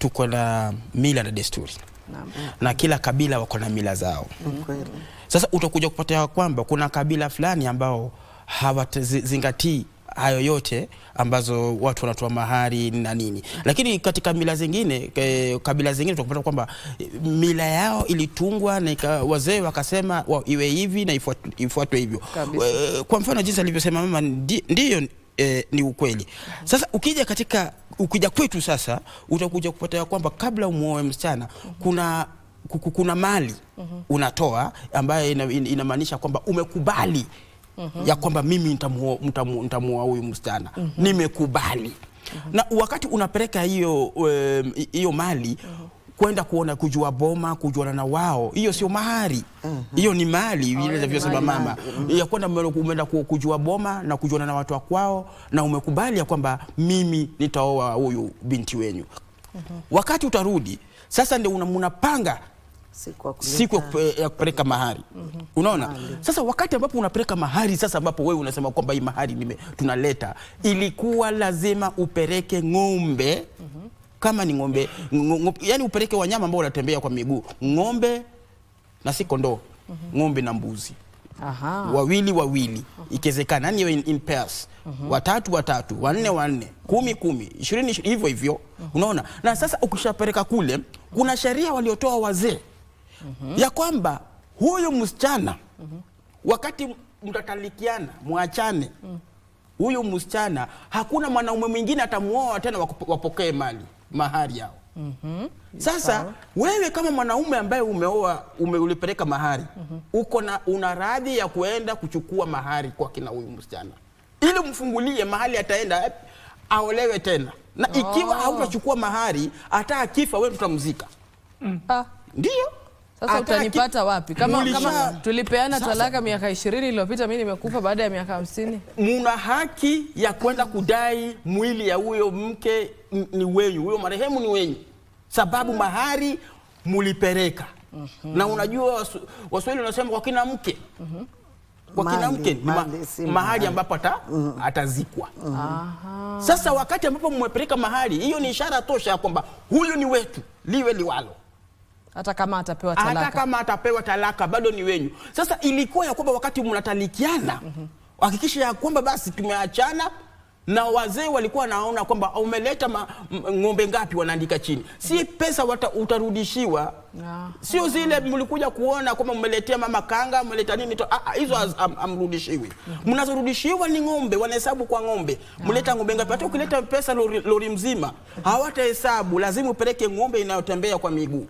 tuko na mila na desturi na kila kabila wako na mila zao. Sasa utakuja ya kwamba kuna kabila fulani ambao hawatazingatii hayo yote ambazo watu wanatoa mahari na nini, lakini katika mila zingine e, kabila zingine tunapata kwamba mila yao ilitungwa na wazee wakasema wa, iwe hivi na ifuatwe hivyo. Eh, kwa mfano jinsi alivyosema mama, ndiyo e, ni ukweli. Sasa ukija katika ukija kwetu sasa utakuja kupata ya kwamba kabla umuoe msichana mm -hmm. kuna kuna mali mm -hmm. unatoa ambayo inamaanisha kwamba umekubali mm -hmm. ya kwamba mimi nitamuoa huyu msichana mm -hmm. nimekubali mm -hmm. na wakati unapeleka hiyo hiyo um, mali mm -hmm kwenda kuona kujua boma kujuana na wao, hiyo sio mahari mhm. hiyo, mm -hmm. ni mali vile mama mhm. ya kwenda umeenda kujua boma na kujuana na watu wa kwao, na umekubali ya kwamba mimi nitaoa huyu binti wenyu. mm -hmm. Wakati utarudi sasa, ndio munapanga siku, siku ya kupeleka mahari. mm -hmm. Unaona sasa, wakati ambapo unapeleka mahari sasa, ambapo wewe unasema kwamba hii mahari mime tunaleta, ilikuwa lazima upeleke ng'ombe. mm -hmm kama ni ng'ombe, ng'ombe yani upeleke wanyama ambao wanatembea kwa miguu, ng'ombe na si kondoo, mhm. ng'ombe na mbuzi. Aha. Wawili wawili mhm. ikiwezekana, yani in, in pairs mhm. watatu watatu, wanne wanne, kumi kumi, ishirini hivyo hivyo, unaona. Na sasa ukishapeleka kule, kuna sheria waliotoa wazee ya kwamba huyu msichana wakati mtatalikiana mwachane, huyu msichana hakuna mwanaume mwingine atamuoa tena wapokee mali mahari yao. mm -hmm. Sasa wewe kama mwanaume ambaye umeoa ume ulipeleka mahari mm -hmm. uko na una radhi ya kuenda kuchukua mahari kwa kina huyu msichana ili mfungulie mahali ataenda eh, aolewe tena, na ikiwa oh. hautachukua mahari hata akifa wewe tutamzika. mm. ah. Ndio. Sasa utanipata wapi? Kama, kama tulipeana talaka miaka ishirini iliyopita mimi nimekufa baada ya miaka hamsini. Muna haki ya kwenda kudai mwili ya huyo mke ni wenyu, huyo marehemu ni wenyu, sababu mahari mulipeleka. mm Na unajua Waswahili wanasema kwa kina mke mm Kwa kina mke ni mahali ambapo mhm. atazikwa. mm Sasa wakati ambapo mmepeleka mahari hiyo, ni ishara tosha ya kwamba huyu ni wetu, liwe liwalo hata kama atapewa talaka, hata kama atapewa talaka bado ni wenyu. Sasa ilikuwa ya kwamba wakati mnatalikiana hakikisha mm -hmm. ya kwamba basi tumeachana na wazee walikuwa naona kwamba umeleta ng'ombe ngapi, wanaandika chini, si pesa wata, utarudishiwa yeah. Sio ah. zile mlikuja kuona kwamba mmeletea mama kanga, mmeleta nini to, ah, ah hizo amrudishiwi am, mnazorudishiwa ni ng'ombe, wanahesabu kwa ng'ombe yeah. Mleta ng'ombe ngapi? Hata ukileta pesa lori, lori mzima hawatahesabu, lazima upeleke ng'ombe inayotembea kwa miguu.